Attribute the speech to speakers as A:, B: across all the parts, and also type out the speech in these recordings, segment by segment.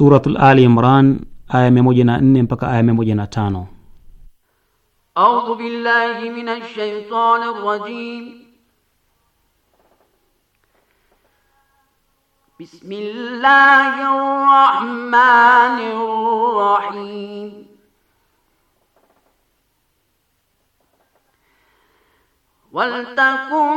A: Suratul Ali Imran aya 104 mpaka aya 105.
B: A'udhu billahi minash shaitanir rajim. Bismillahir rahmanir rahim. Wal takum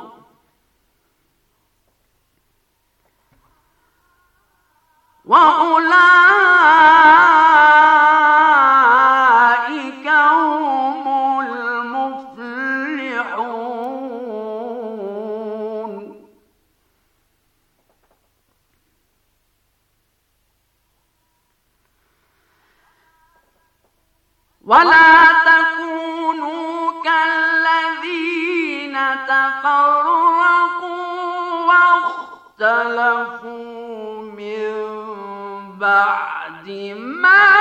B: وأولئك هم المفلحون ولا تكونوا كالذين تفرقوا واختلفوا بعد ما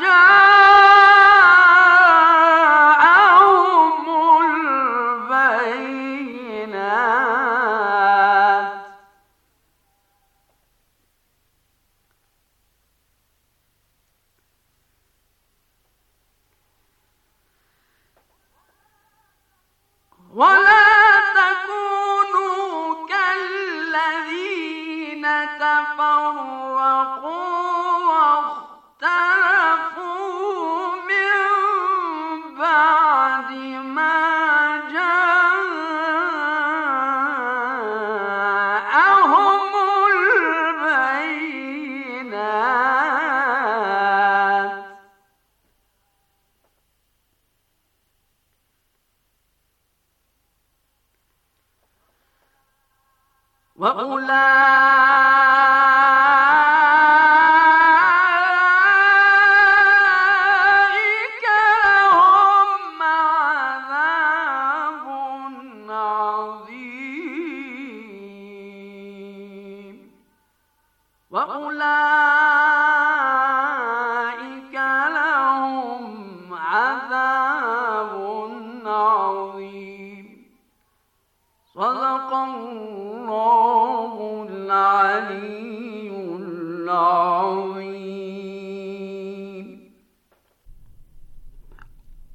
B: جاءهم البينات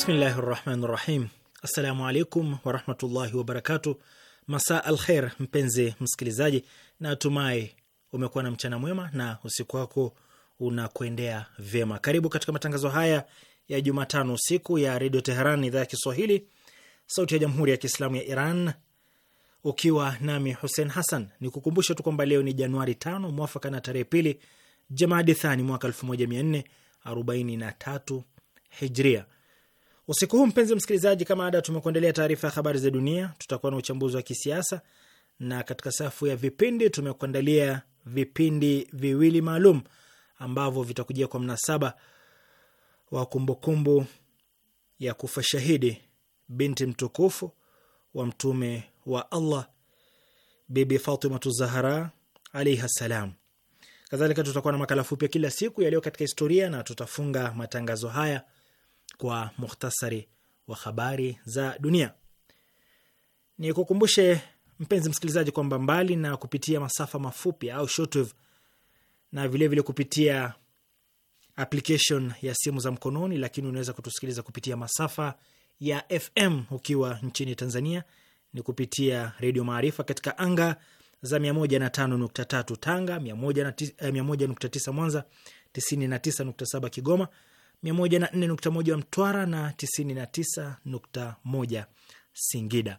A: Bismillahi rahmani rahim. Assalamu alaikum warahmatullahi wabarakatu. masa al kher, mpenzi msikilizaji, na umekuwa na mchana mwema na usiku wako unakuendea vyema. Karibu katika matangazo haya ya Jumatano usiku ya redio Teheran, idhaa ya Kiswahili, sauti ya jamhuri ya kiislamu ya Iran, ukiwa nami Hussein Hassan. Ni kukumbusha tu kwamba leo ni Januari tano mwafaka na tarehe pili Jamadi Thani mwaka 1443 Hijria. Usiku huu mpenzi msikilizaji, kama ada, tumekuandalia taarifa ya habari za dunia, tutakuwa na uchambuzi wa kisiasa, na katika safu ya vipindi tumekuandalia vipindi viwili maalum ambavyo vitakujia kwa mnasaba wa kumbukumbu ya kufa shahidi binti mtukufu wa mtume wa Allah, Bibi Fatimatu Zahara alaihi salam. Kadhalika tutakuwa na makala fupi ya kila siku yaliyo katika historia na tutafunga matangazo haya kwa muhtasari wa habari za dunia. Ni kukumbushe mpenzi msikilizaji kwamba mbali na kupitia masafa mafupi au shortwave na vilevile vile kupitia application ya simu za mkononi, lakini unaweza kutusikiliza kupitia masafa ya FM ukiwa nchini Tanzania ni kupitia Redio Maarifa katika anga za 105.3 Tanga, 101.9 eh, Mwanza, 99.7 Kigoma 104.1 Mtwara na 99.1 Singida.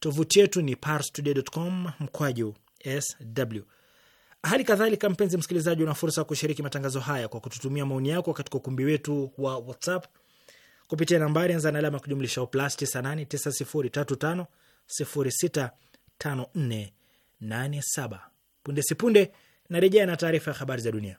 A: Tovuti yetu ni parstoday.com mkwaju sw. Hali kadhalika, mpenzi msikilizaji, una fursa ya kushiriki matangazo haya kwa kututumia maoni yako katika ukumbi wetu wa WhatsApp kupitia nambari anza na alama ya kujumlisha plus 98 Punde sipunde narejea na taarifa ya habari za dunia.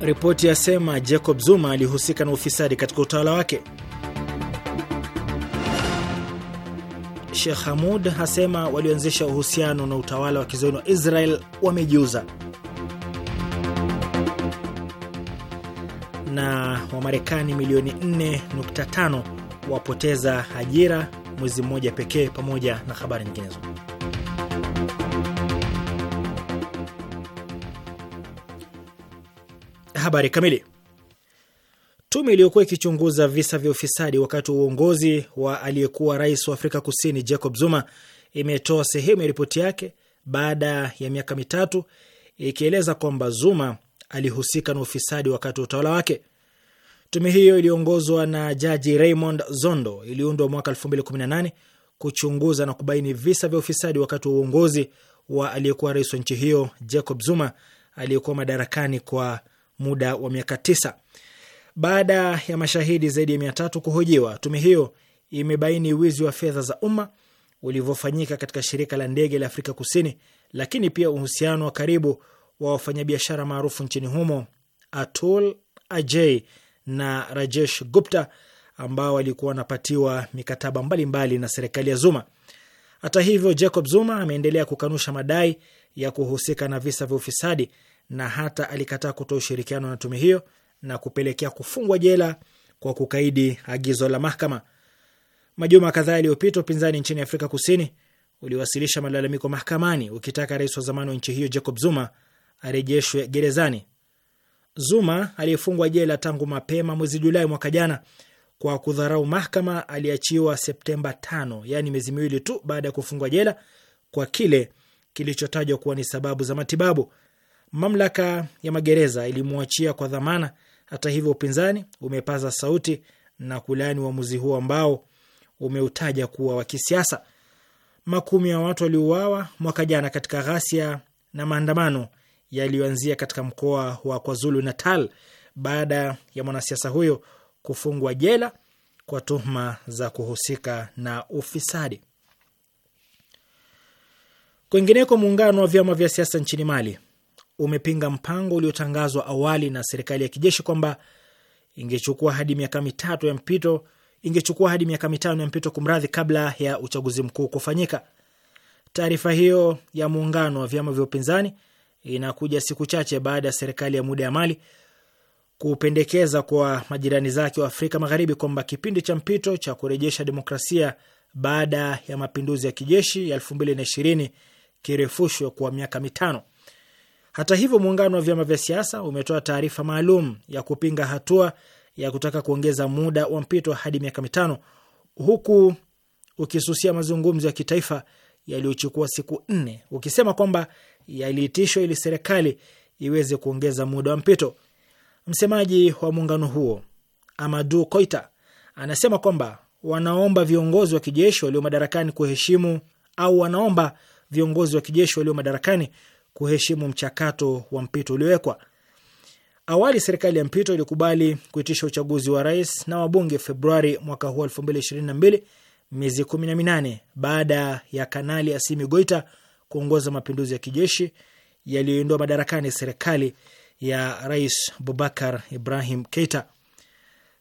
A: Ripoti yasema Jacob Zuma alihusika na ufisadi katika utawala wake. Sheikh Hamud hasema walioanzisha uhusiano na utawala wa kizayuni wa Israel wamejiuza, na Wamarekani milioni 4.5 wapoteza ajira mwezi mmoja pekee, pamoja na habari nyinginezo. Habari kamili. Tume iliyokuwa ikichunguza visa vya ufisadi wakati wa uongozi wa aliyekuwa rais wa Afrika Kusini Jacob Zuma imetoa sehemu ya ripoti yake baada ya miaka mitatu ikieleza kwamba Zuma alihusika na ufisadi wakati wa utawala wake. Tume hiyo iliyoongozwa na Jaji Raymond Zondo iliundwa mwaka 2018 kuchunguza na kubaini visa vya ufisadi wakati wa uongozi wa aliyekuwa rais wa nchi hiyo Jacob Zuma aliyekuwa madarakani kwa muda wa miaka tisa. Baada ya mashahidi zaidi ya mia tatu kuhojiwa, tume hiyo imebaini wizi wa fedha za umma ulivyofanyika katika shirika la ndege la Afrika Kusini, lakini pia uhusiano wa karibu wa wafanyabiashara maarufu nchini humo Atul Ajay na Rajesh Gupta ambao walikuwa wanapatiwa mikataba mbalimbali mbali na serikali ya Zuma. Hata hivyo, Jacob Zuma ameendelea kukanusha madai ya kuhusika na visa vya ufisadi na hata alikataa kutoa ushirikiano na tume hiyo na kupelekea kufungwa jela kwa kukaidi agizo la mahakama. Majuma kadhaa yaliyopita, upinzani nchini Afrika Kusini uliwasilisha malalamiko mahakamani ukitaka rais wa zamani wa nchi hiyo Jacob Zuma arejeshwe gerezani. Zuma aliyefungwa jela tangu mapema mwezi Julai mwaka jana kwa kudharau mahakama aliachiwa Septemba tano, yaani miezi miwili tu baada ya kufungwa jela kwa kile kilichotajwa kuwa ni sababu za matibabu. Mamlaka ya magereza ilimwachia kwa dhamana. Hata hivyo, upinzani umepaza sauti na kulaani uamuzi huo ambao umeutaja kuwa wa kisiasa. Makumi ya watu waliuawa mwaka jana katika ghasia na maandamano yaliyoanzia katika mkoa wa KwaZulu Natal baada ya mwanasiasa huyo kufungwa jela kwa tuhuma za kuhusika na ufisadi. Kwingineko, muungano wa vyama vya siasa nchini Mali umepinga mpango uliotangazwa awali na serikali ya kijeshi kwamba ingechukua hadi miaka mitatu ya mpito ingechukua hadi miaka mitano ya mpito kumradhi, kabla ya uchaguzi mkuu kufanyika. Taarifa hiyo ya muungano wa vyama vya upinzani inakuja siku chache baada ya serikali ya muda ya Mali kupendekeza kwa majirani zake wa Afrika Magharibi kwamba kipindi cha mpito cha kurejesha demokrasia baada ya mapinduzi ya kijeshi ya elfu mbili na ishirini kirefushwe kwa miaka mitano. Hata hivyo, muungano wa vyama vya siasa umetoa taarifa maalum ya kupinga hatua ya kutaka kuongeza muda wa mpito hadi miaka mitano, huku ukisusia mazungumzo ya kitaifa yaliyochukua siku nne, ukisema kwamba yaliitishwa ili serikali iweze kuongeza muda wa mpito. Msemaji wa muungano huo Amadu Koita anasema kwamba wanaomba viongozi wa kijeshi walio madarakani kuheshimu au wanaomba viongozi wa kijeshi walio madarakani kuheshimu mchakato wa mpito uliowekwa. Awali serikali ya mpito ilikubali kuitisha uchaguzi wa rais na wabunge Februari mwaka huu mbili, miezi minane baada ya Kanali Asimi Goita kuongoza mapinduzi ya kijeshi yaliyoindua madarakani serikali ya Rais Bubakar Ibrahim Keita.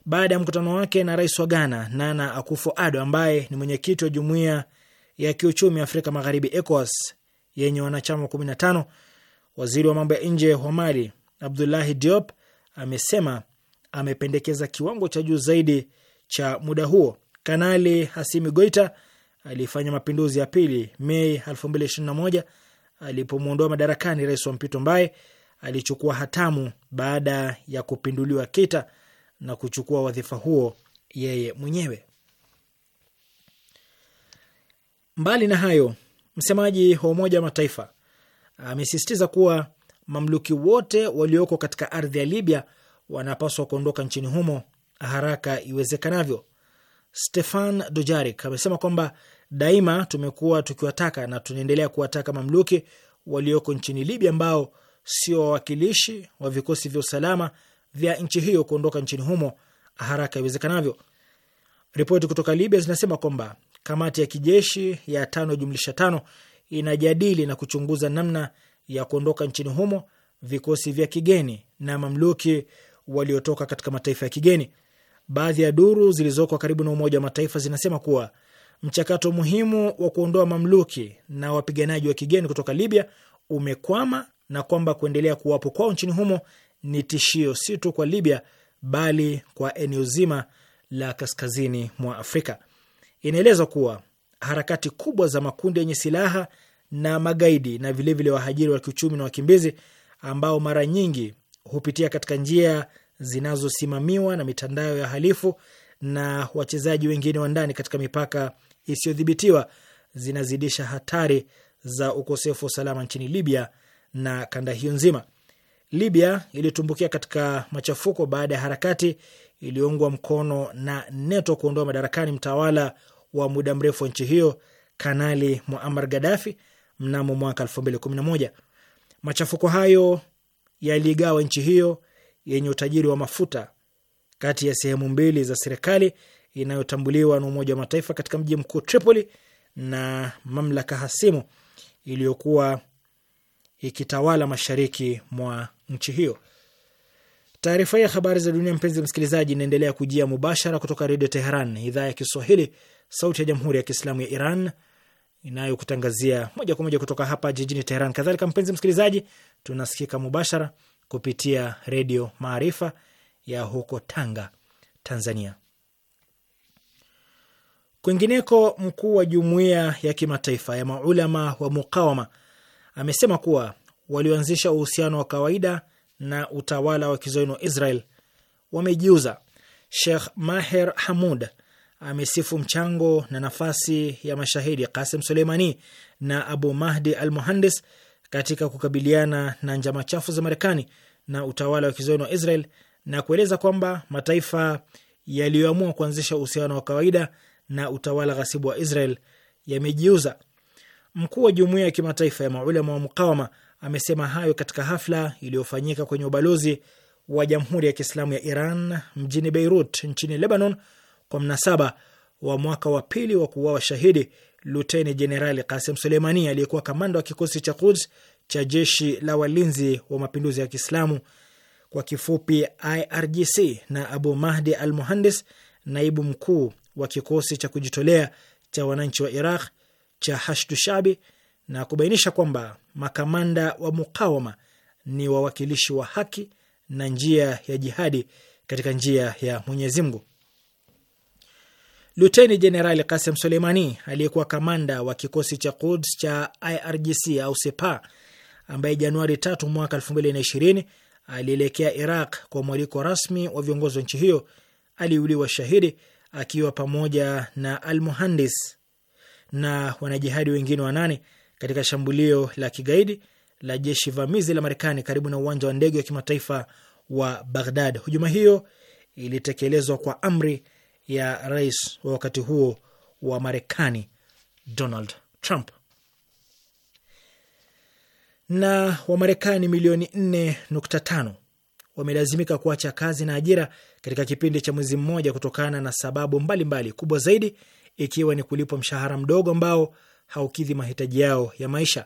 A: Baada ya mkutano wake na rais wa Ghana Nana akufo Ado, ambaye ni mwenyekiti wa jumuiya ya kiuchumi Afrika Magharibi ECOWAS yenye wanachama 15. Waziri wa mambo ya nje wa Mali Abdullahi Diop amesema amependekeza kiwango cha juu zaidi cha muda huo. Kanali Hasimi Goita alifanya mapinduzi ya pili Mei 2021 alipomwondoa madarakani rais wa mpito ambaye alichukua hatamu baada ya kupinduliwa Keita na kuchukua wadhifa huo yeye mwenyewe. Mbali na hayo, Msemaji wa Umoja wa Mataifa amesisitiza kuwa mamluki wote walioko katika ardhi ya Libya wanapaswa kuondoka nchini humo haraka iwezekanavyo. Stefan Dojarik amesema kwamba daima tumekuwa tukiwataka na tunaendelea kuwataka mamluki walioko nchini Libya ambao sio wawakilishi wa vikosi vya usalama vya nchi hiyo kuondoka nchini humo haraka iwezekanavyo. Ripoti kutoka Libya zinasema kwamba kamati ya kijeshi ya tano jumlisha tano inajadili na kuchunguza namna ya kuondoka nchini humo vikosi vya kigeni na mamluki waliotoka katika mataifa ya kigeni. Baadhi ya duru zilizoko karibu na Umoja wa Mataifa zinasema kuwa mchakato muhimu wa kuondoa mamluki na wapiganaji wa kigeni kutoka Libya umekwama na kwamba kuendelea kuwapo kwao nchini humo ni tishio si tu kwa Libya bali kwa eneo zima la kaskazini mwa Afrika. Inaelezwa kuwa harakati kubwa za makundi yenye silaha na magaidi na vilevile wahajiri wa kiuchumi na wakimbizi ambao mara nyingi hupitia katika njia zinazosimamiwa na mitandao ya halifu na wachezaji wengine wa ndani katika mipaka isiyodhibitiwa zinazidisha hatari za ukosefu wa usalama nchini Libya na kanda hiyo nzima. Libya ilitumbukia katika machafuko baada ya harakati iliyoungwa mkono na NATO kuondoa madarakani mtawala wa muda mrefu wa nchi hiyo Kanali Muammar Gaddafi mnamo mwaka 2011. Machafuko hayo yaliigawa nchi hiyo yenye utajiri wa mafuta kati ya sehemu mbili za serikali inayotambuliwa na Umoja wa Mataifa katika mji mkuu Tripoli na mamlaka hasimu iliyokuwa ikitawala mashariki mwa nchi hiyo. Taarifa ya habari za dunia, mpenzi msikilizaji, inaendelea kujia mubashara kutoka Redio Teheran, idhaa ya Kiswahili, sauti ya Jamhuri ya Kiislamu ya Iran inayokutangazia moja kwa moja kutoka hapa jijini Teheran. Kadhalika mpenzi msikilizaji, tunasikika mubashara kupitia Redio Maarifa ya huko Tanga, Tanzania. Kwingineko, mkuu wa jumuiya ya kimataifa ya maulama wa mukawama amesema kuwa walioanzisha uhusiano wa kawaida na utawala wa kizayuni wa Israel wamejiuza. Sheikh Maher Hamud amesifu mchango na nafasi ya mashahidi Qasim Suleimani na Abu Mahdi al Muhandis katika kukabiliana na njama chafu za Marekani na utawala wa kizayuni wa Israel na kueleza kwamba mataifa yaliyoamua kuanzisha uhusiano wa kawaida na utawala ghasibu wa Israel yamejiuza. Mkuu wa jumuiya ya kimataifa ya maulama wa mukawama amesema hayo katika hafla iliyofanyika kwenye ubalozi wa Jamhuri ya Kiislamu ya Iran mjini Beirut nchini Lebanon kwa mnasaba wa mwaka wa pili wa kuuawa shahidi Luteni Jenerali Kasim Suleimani aliyekuwa kamanda wa kikosi cha Quds cha jeshi la walinzi wa mapinduzi ya Kiislamu kwa kifupi IRGC na Abu Mahdi al Muhandis, naibu mkuu wa kikosi cha kujitolea cha wananchi wa Iraq cha Hashdu Shabi na kubainisha kwamba makamanda wa mukawama ni wawakilishi wa haki na njia ya jihadi katika njia ya Mwenyezi Mungu. Luteni Jenerali Kasem Soleimani aliyekuwa kamanda wa kikosi cha Quds cha IRGC au Sepa, ambaye Januari tatu mwaka elfu mbili na ishirini alielekea Iraq kwa mwaliko rasmi wa viongozi wa nchi hiyo, aliuliwa shahidi akiwa pamoja na Almuhandis na wanajihadi wengine wanane katika shambulio la kigaidi la jeshi vamizi la Marekani karibu na uwanja wa ndege wa kimataifa wa Baghdad. Hujuma hiyo ilitekelezwa kwa amri ya rais wa wakati huo wa Marekani, Donald Trump. Na Wamarekani milioni 4.5 wamelazimika kuacha kazi na ajira katika kipindi cha mwezi mmoja kutokana na sababu mbalimbali mbali, kubwa zaidi ikiwa ni kulipwa mshahara mdogo ambao haukidhi mahitaji yao ya maisha.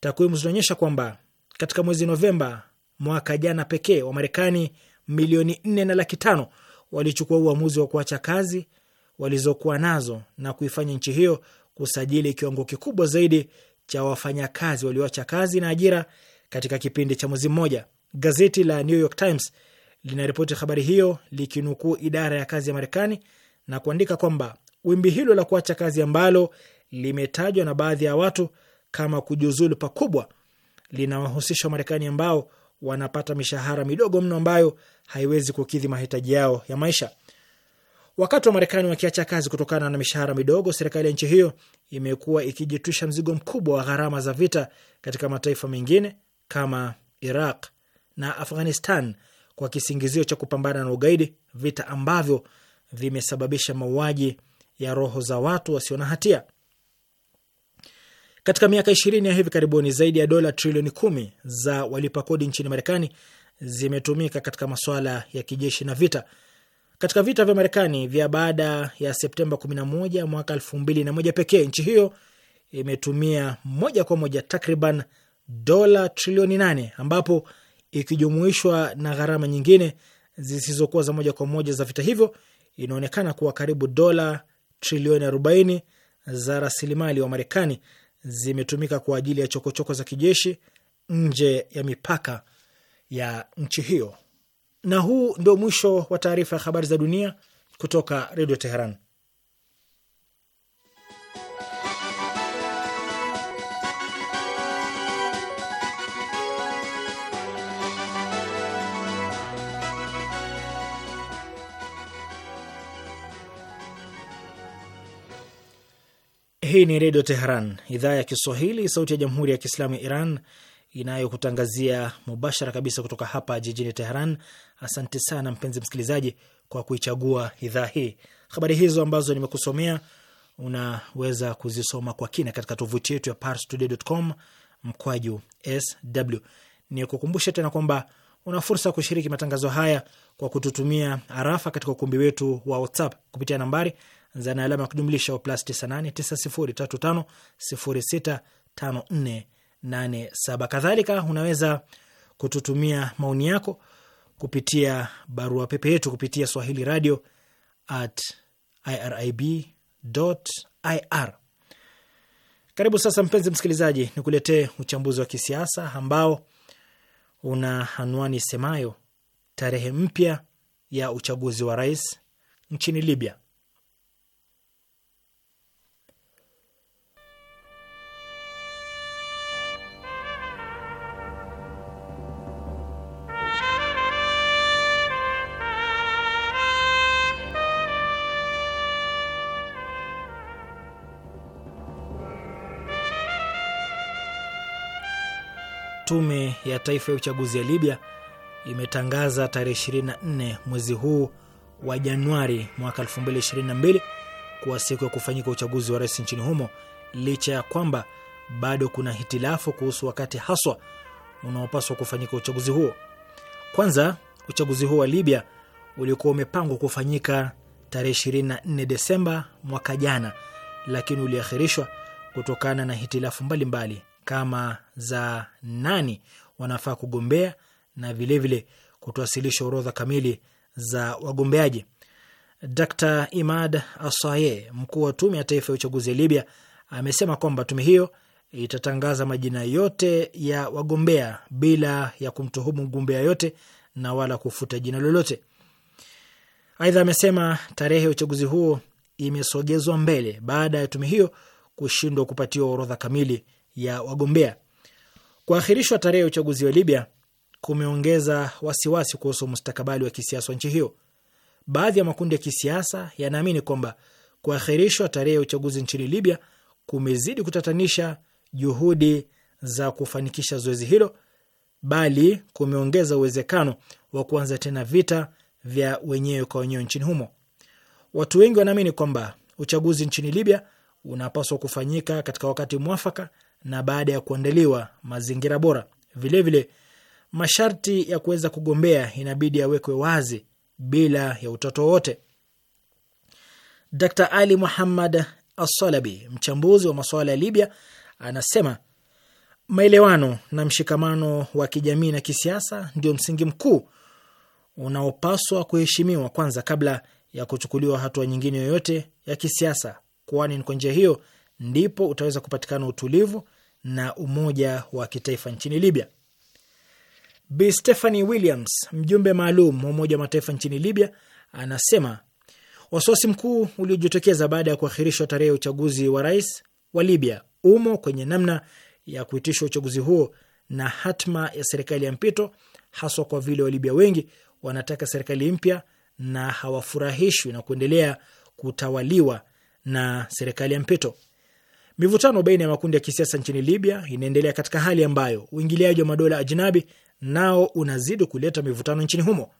A: Takwimu zinaonyesha kwamba katika mwezi Novemba mwaka jana pekee wa Marekani milioni nne na laki tano walichukua uamuzi wa kuacha kazi walizokuwa nazo na kuifanya nchi hiyo kusajili kiwango kikubwa zaidi cha wafanyakazi walioacha kazi na ajira katika kipindi cha mwezi mmoja. Gazeti la New York Times linaripoti habari hiyo likinukuu idara ya kazi ya Marekani na kuandika kwamba wimbi hilo la kuacha kazi ambalo limetajwa na baadhi ya watu kama kujiuzulu pakubwa linawahusisha Wamarekani ambao wanapata mishahara midogo mno ambayo haiwezi kukidhi mahitaji yao ya maisha. Wakati wa Marekani wakiacha kazi kutokana na mishahara midogo, serikali ya nchi hiyo imekuwa ikijitwisha mzigo mkubwa wa gharama za vita katika mataifa mengine kama Iraq na Afghanistan kwa kisingizio cha kupambana na ugaidi, vita ambavyo vimesababisha mauaji ya roho za watu wasio na hatia. Katika miaka ishirini ya hivi karibuni, zaidi ya dola trilioni kumi za walipa kodi nchini Marekani zimetumika katika masuala ya kijeshi na vita. Katika vita vya Marekani vya baada ya Septemba 11 mwaka 2001 pekee, nchi hiyo imetumia moja kwa moja takriban dola trilioni nane ambapo ikijumuishwa na gharama nyingine zisizokuwa za moja kwa moja za vita hivyo, inaonekana kuwa karibu dola trilioni 40 za rasilimali wa Marekani zimetumika kwa ajili ya chokochoko choko za kijeshi nje ya mipaka ya nchi hiyo. Na huu ndio mwisho wa taarifa ya habari za dunia kutoka Redio Teheran. Hii ni Redio Teheran, idhaa ya Kiswahili, sauti ya Jamhuri ya Kiislamu ya Iran, inayokutangazia mubashara kabisa kutoka hapa jijini Teheran. Asante sana mpenzi msikilizaji kwa kuichagua idhaa hii. Habari hizo ambazo nimekusomea unaweza kuzisoma kwa kina katika tovuti yetu ya parstoday.com mkwaju sw. Ni kukumbusha tena kwamba una fursa ya kushiriki matangazo haya kwa kututumia arafa katika ukumbi wetu wa WhatsApp kupitia nambari zana alama ya kujumlisha wa plus 989035065487. Kadhalika unaweza kututumia maoni yako kupitia barua pepe yetu kupitia swahili radio at irib ir. Karibu sasa, mpenzi msikilizaji, ni kuletee uchambuzi wa kisiasa ambao una anwani semayo tarehe mpya ya uchaguzi wa rais nchini Libya. ya Taifa ya Uchaguzi ya Libya imetangaza tarehe 24 mwezi huu wa Januari mwaka 2022 kuwa siku ya kufanyika uchaguzi wa rais nchini humo, licha ya kwamba bado kuna hitilafu kuhusu wakati haswa unaopaswa kufanyika uchaguzi huo. Kwanza, uchaguzi huo wa Libya ulikuwa umepangwa kufanyika tarehe 24 Desemba mwaka jana, lakini uliahirishwa kutokana na hitilafu mbalimbali mbali, kama za nani wanafaa kugombea na vilevile kutuwasilisha orodha kamili za wagombeaji. Dr Imad Asaye, mkuu wa tume ya taifa ya uchaguzi ya Libya, amesema kwamba tume hiyo itatangaza majina yote ya wagombea bila ya kumtuhumu mgombea yote na wala kufuta jina lolote. Aidha amesema tarehe ya uchaguzi huo imesogezwa mbele baada ya tume hiyo kushindwa kupatiwa orodha kamili ya wagombea. Kuahirishwa tarehe ya uchaguzi wa Libya kumeongeza wasiwasi kuhusu mustakabali wa kisiasa wa nchi hiyo. Baadhi ya makundi ya kisiasa yanaamini kwamba kuahirishwa tarehe ya uchaguzi nchini Libya kumezidi kutatanisha juhudi za kufanikisha zoezi hilo, bali kumeongeza uwezekano wa kuanza tena vita vya wenyewe kwa wenyewe nchini humo. Watu wengi wanaamini kwamba uchaguzi nchini Libya unapaswa kufanyika katika wakati mwafaka na baada ya kuandaliwa mazingira bora. Vilevile vile, masharti ya kuweza kugombea inabidi yawekwe wazi bila ya utoto wowote. Dr Ali Muhammad Asalabi, mchambuzi wa masuala ya Libya, anasema maelewano na mshikamano wa kijamii na kisiasa ndio msingi mkuu unaopaswa kuheshimiwa kwanza kabla ya kuchukuliwa hatua nyingine yoyote ya kisiasa, kwani kwa njia hiyo ndipo utaweza kupatikana utulivu na umoja wa kitaifa nchini Libya. Bi Stephanie Williams, mjumbe maalum wa Umoja wa Mataifa nchini Libya, anasema wasiwasi mkuu uliojitokeza baada ya kuahirishwa tarehe ya uchaguzi wa rais wa Libya umo kwenye namna ya kuitishwa uchaguzi huo na hatma ya serikali ya mpito, haswa kwa vile Walibya wengi wanataka serikali mpya na hawafurahishwi na kuendelea kutawaliwa na serikali ya mpito. Mivutano baina ya makundi ya kisiasa nchini Libya inaendelea katika hali ambayo uingiliaji wa madola ajinabi nao unazidi kuleta mivutano nchini humo.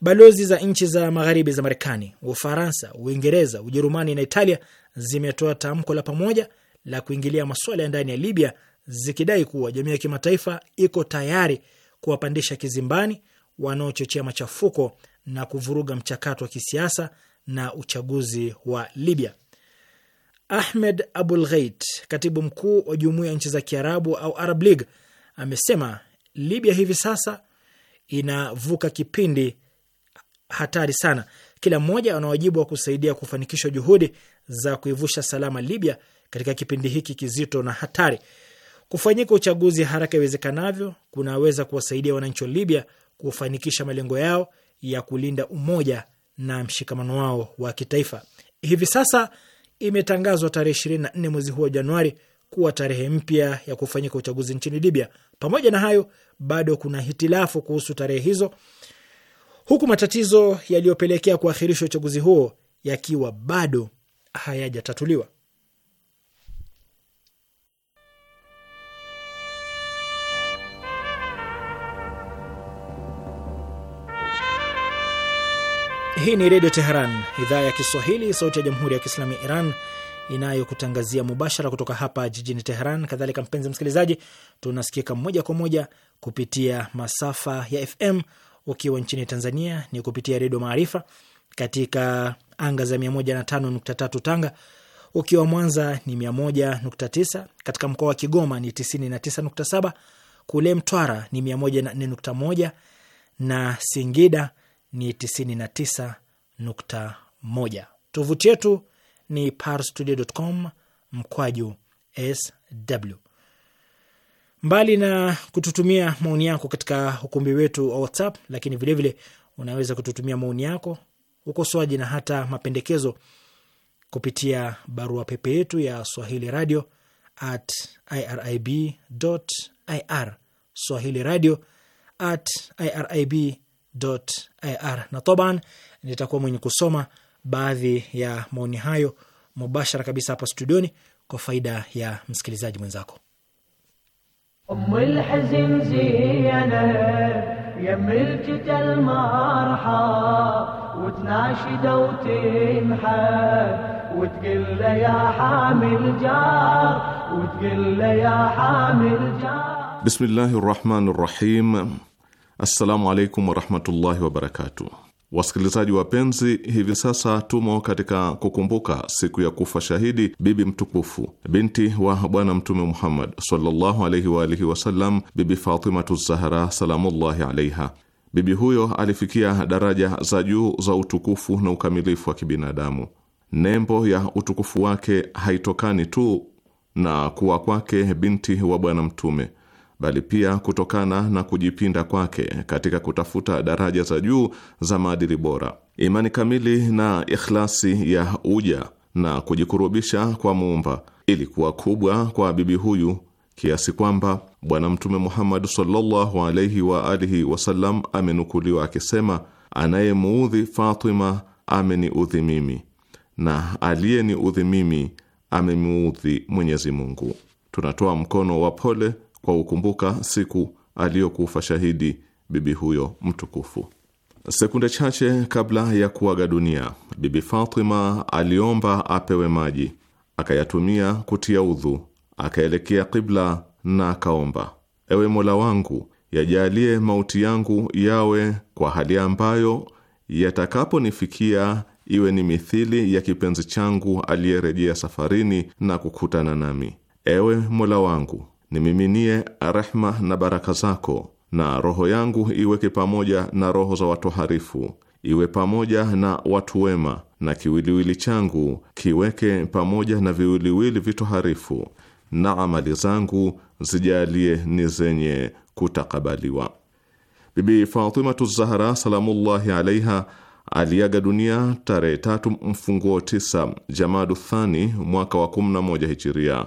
A: Balozi za nchi za magharibi za Marekani, Ufaransa, Uingereza, Ujerumani na Italia zimetoa tamko la pamoja la kuingilia masuala ya ndani ya Libya zikidai kuwa jamii ya kimataifa iko tayari kuwapandisha kizimbani wanaochochea machafuko na kuvuruga mchakato wa kisiasa na uchaguzi wa Libya. Ahmed Abul Ghait, katibu mkuu wa jumuiya ya nchi za Kiarabu au Arab League, amesema Libya hivi sasa inavuka kipindi hatari sana. Kila mmoja ana wajibu wa kusaidia kufanikisha juhudi za kuivusha salama Libya katika kipindi hiki kizito na hatari. Kufanyika uchaguzi haraka iwezekanavyo kunaweza kuwasaidia wananchi wa Libya kufanikisha malengo yao ya kulinda umoja na mshikamano wao wa kitaifa. Hivi sasa imetangazwa tarehe 24 mwezi huu wa Januari kuwa tarehe mpya ya kufanyika uchaguzi nchini Libya. Pamoja na hayo, bado kuna hitilafu kuhusu tarehe hizo, huku matatizo yaliyopelekea kuahirishwa uchaguzi huo yakiwa bado hayajatatuliwa. Hii ni Redio Teheran, idhaa ya Kiswahili, sauti ya Jamhuri ya Kiislamu ya Iran inayokutangazia mubashara kutoka hapa jijini Teheran. Kadhalika mpenzi msikilizaji, tunasikika moja kwa moja kupitia masafa ya FM. Ukiwa nchini Tanzania ni kupitia Redio Maarifa katika anga za 105.3 Tanga. Ukiwa Mwanza ni 101.9, katika mkoa wa Kigoma ni 99.7, kule Mtwara ni 104.1 na Singida ni 99.1. Tovuti yetu ni parstudio.com mkwaju sw. Mbali na kututumia maoni yako katika ukumbi wetu wa WhatsApp, lakini vilevile vile unaweza kututumia maoni yako, ukosoaji na hata mapendekezo kupitia barua pepe yetu ya Swahili radio at ir Swahili radio at irib ir, na taban nitakuwa mwenye kusoma baadhi ya maoni hayo mubashara kabisa hapa studioni kwa faida ya msikilizaji mwenzako.
C: Bismillahi rahmani rahim. Assalamu alaikum warahmatullahi wabarakatu, wasikilizaji wapenzi. Hivi sasa tumo katika kukumbuka siku ya kufa shahidi bibi mtukufu binti wa Bwana Mtume Muhammad sallallahu alaihi wa alihi wasallam, Bibi Fatimatu Zahra salamullahi alaiha. Bibi huyo alifikia daraja za juu za utukufu na ukamilifu wa kibinadamu. Nembo ya utukufu wake haitokani tu na kuwa kwake binti wa Bwana Mtume bali pia kutokana na kujipinda kwake katika kutafuta daraja za juu za maadili bora. Imani kamili na ikhlasi ya uja na kujikurubisha kwa Muumba ilikuwa kubwa kwa bibi huyu kiasi kwamba Bwana Mtume Muhammad sallallahu alaihi wa alihi wasallam amenukuliwa akisema, anayemuudhi Fatima ameniudhi mimi na aliyeniudhi mimi amemuudhi Mwenyezi Mungu. Tunatoa mkono wa pole kwa kukumbuka siku aliyokufa shahidi bibi huyo mtukufu. Sekunde chache kabla ya kuaga dunia, bibi Fatima aliomba apewe maji, akayatumia kutia udhu, akaelekea kibla na akaomba: ewe Mola wangu, yajalie mauti yangu yawe kwa hali ambayo yatakaponifikia iwe ni mithili ya kipenzi changu aliyerejea safarini na kukutana nami. Ewe Mola wangu nimiminie rehma na baraka zako, na roho yangu iweke pamoja na roho za watoharifu, iwe pamoja na watu wema, na kiwiliwili changu kiweke pamoja na viwiliwili vitoharifu, na amali zangu zijalie ni zenye kutakabaliwa. Bibi Fatimatu Zahra salamullahi alaiha aliaga dunia tarehe tatu mfunguo tisa Jamadu Thani mwaka wa 11 hijiria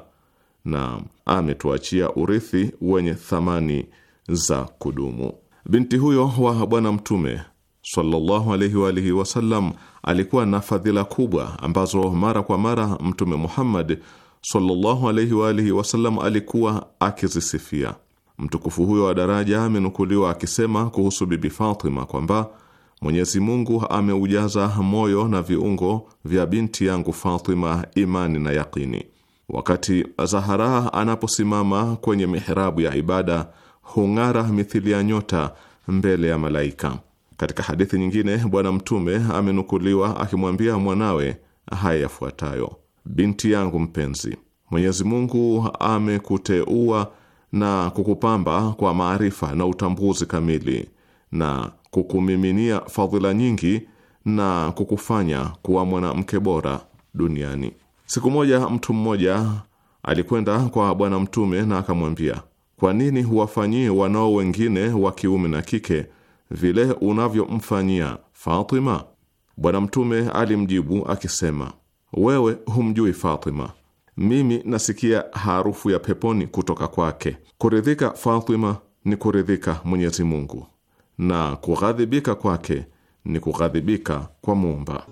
C: na ametuachia urithi wenye thamani za kudumu. Binti huyo wa Bwana Mtume sallallahu alaihi wa alihi wasallam alikuwa na fadhila kubwa ambazo mara kwa mara Mtume Muhammad sallallahu alaihi wa alihi wasallam alikuwa akizisifia. Mtukufu huyo wa daraja amenukuliwa akisema kuhusu Bibi Fatima kwamba Mwenyezi Mungu ameujaza moyo na viungo vya binti yangu Fatima imani na yaqini Wakati Zahara anaposimama kwenye mihrabu ya ibada, hung'ara mithili ya nyota mbele ya malaika. Katika hadithi nyingine, Bwana Mtume amenukuliwa akimwambia mwanawe haya yafuatayo: binti yangu mpenzi, Mwenyezi Mungu amekuteua na kukupamba kwa maarifa na utambuzi kamili na kukumiminia fadhila nyingi na kukufanya kuwa mwanamke bora duniani. Siku moja mtu mmoja alikwenda kwa Bwana Mtume na akamwambia, kwa nini huwafanyii wanao wengine wa kiume na kike vile unavyomfanyia Fatima? Bwana Mtume alimjibu akisema, wewe humjui Fatima. Mimi nasikia harufu ya peponi kutoka kwake. Kuridhika Fatima ni kuridhika Mwenyezi Mungu, na kughadhibika kwake ni kughadhibika kwa Muumba.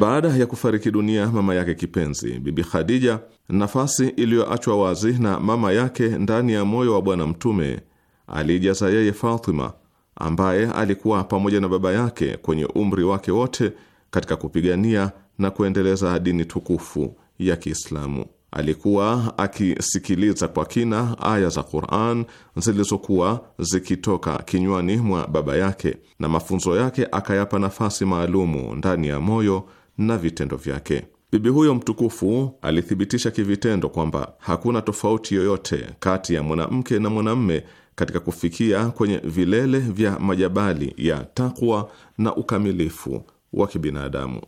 C: Baada ya kufariki dunia mama yake kipenzi Bibi Khadija, nafasi iliyoachwa wazi na mama yake ndani ya moyo wa Bwana Mtume aliijaza yeye Fatima ambaye alikuwa pamoja na baba yake kwenye umri wake wote katika kupigania na kuendeleza dini tukufu ya Kiislamu. Alikuwa akisikiliza kwa kina aya za Qur'an zilizokuwa zikitoka kinywani mwa baba yake, na mafunzo yake akayapa nafasi maalumu ndani ya moyo na vitendo vyake. Bibi huyo mtukufu alithibitisha kivitendo kwamba hakuna tofauti yoyote kati ya mwanamke na mwanamme katika kufikia kwenye vilele vya majabali ya takwa na ukamilifu wa kibinadamu.